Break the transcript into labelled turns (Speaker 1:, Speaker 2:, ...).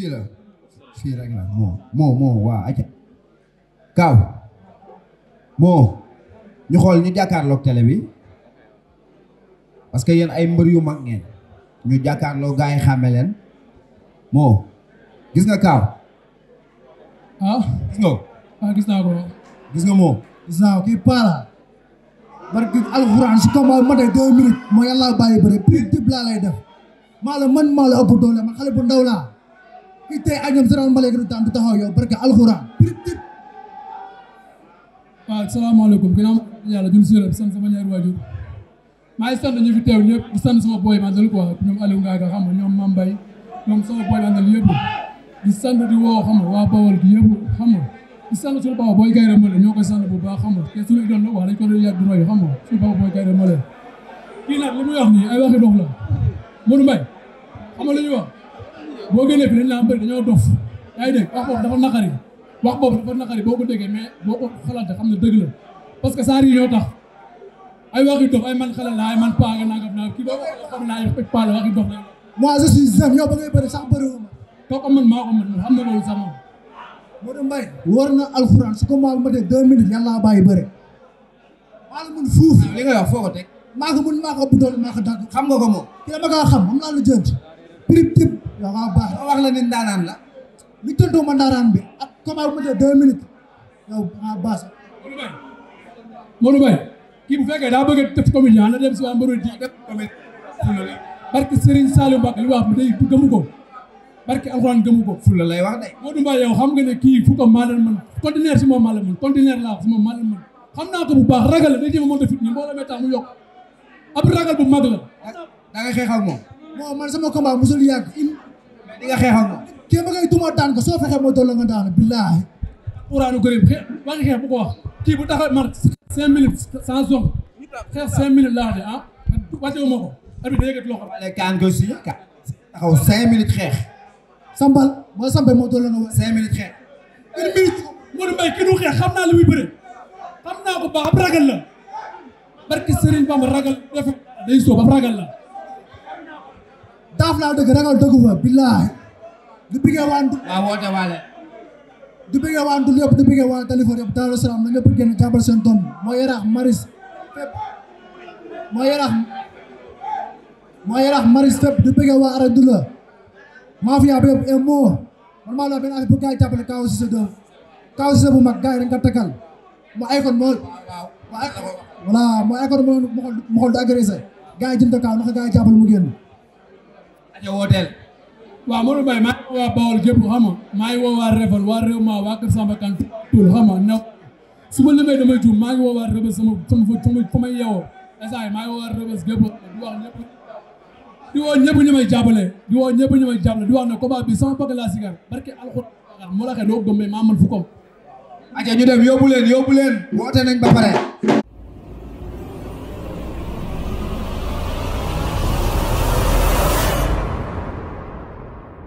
Speaker 1: fii la moo moo moo waaw aca moo ñu xool ñu jàkkaarloog tele bi parce que yéen ay mbër yu mag ngeen ñu jàkkaarloo gaa yi xàmme leen moo gis nga kaaw ah. ah, naa ko gis gis naa ko kii paala barke alxuraan si combat ma tey deux minutes mooy yàlla bàyyi bëre prix dib laa lay def maa la man maa la ëpp doole man xale bu ndaw laa ittee ak ñoom général Mbalika du daan du taxaw yow barka alxuraan.
Speaker 2: waaw salaamaaleykum ginnaaw yàlla jul si la sant ma ñaari waajur maa ngi ñu fi teew ñëpp di sant sama boy ma dal quoi ñoom Aliou Ngaaka xam nga ñoom Mame Mbaye ñoom sama boy ma dal yëpp di sant di woo xam nga waa Bawol gi yëpp xam nga di sant booy Gaynde Male ñoo ko sant bu baax xam nga te suñu doon la wax dañ ko doon yàgg roy xam nga suñu baba booy Gaynde Male kii nag li muy wax nii ay waxi dox la ñu wax boo génnee fi dañ laa bëri dañoo dof yaa ngi wax boobu dafa naqari wax boobu dafa naqari boo ko déggee mais xam ne dëgg la parce que saar yi ñoo tax ay waxi dof ay man xelal la ay man paa nga nangam naa kii boobu xam naa yëpp paa la waxi dof la.
Speaker 1: moi je suis ba ngay bëri sax bëri wu ma.
Speaker 2: kooku man maa ko mën na loolu sax moom.
Speaker 1: Modou na alxuraan su ko maa matee deux minutes yàlla bàyyi bëre. maa ah, la foo ko teg. maa ko mun xam nga ko moom. ki la kaa xam am naa jënd. prix prix. dafa baax dafa la ni ndaanaan la li tëntoo ma ndaanaan bi ak comment bu mujjee deux minutes yow dafa baax.
Speaker 2: Modou Mbaye kii bu fekkee daa bëgg a def comédien ah, na dem si waa Mbarodi def comédie barke Serigne Saliou Mbacké li wax mu xam nga ne kii fu ko maala mën conteneur si moom maala bu baax ragal day jéem a monte fit ni mbooloo mee mu yokk
Speaker 1: ab ragal bu mag la da nga xeex ak man sama combat musul yàgg di nga xeex ak moom. kii ba ngay duma daan ko soo fexe moo doon nga billaahi. Alxuraanu kariim
Speaker 2: xeex ba bu ko wax kii bu taxaw mar cinq minutes sans zone xeex cinq minutes laa
Speaker 1: de ah wàcce wu ma ko abi day yëkkati loxo. wala kaan ko si ka taxaw cinq minutes xeex. Sambal mooy Sambal moo doon nga wax cinq minutes xeex. une minute Modou Mbaye kii
Speaker 2: du xeex xam naa li muy bëre xam naa ko baax ab ragal la barki Serigne Bamba ragal
Speaker 1: ragal la. daaf laa dëgg ragal dëggu fa du waaw woote waale di du yëpp di bëggee waan téléphone Salaam na ñëpp génn jàppal seen doom moo yaraax maris fépp moo yaraax moo yaraax maris fépp di bëggee waa ara du la mafia bi yëpp e moo man maa la benn bu gars yi jàppale Kaw Cissé doom Kaw Cissé bu mag gars yi dañ ko takkal mu moo voilà mu aykoon moo mu xool du agressé gars yi jëm ta kaw naka gars yi jàppale aja wooteel
Speaker 2: waaw Modou Mbaye maa ngi waa Bawol gépp xam nga maa ngi woo waa Réfal waa réew ma waa Kër Samba Kan tul xam nga na su maa ngi woo waa Rëbës sama sama fa may yeewoo esaay maa ngi woo waa Rëbës gépp di wax ñëpp di woo ñëpp ñu may ñëpp ñu may jàppale wax ne combat bi sama bëgg laa sigar barke alxuraan moo la xee doo gëm maa mën fu kom aja ñu dem yóbbu leen yóbbu leen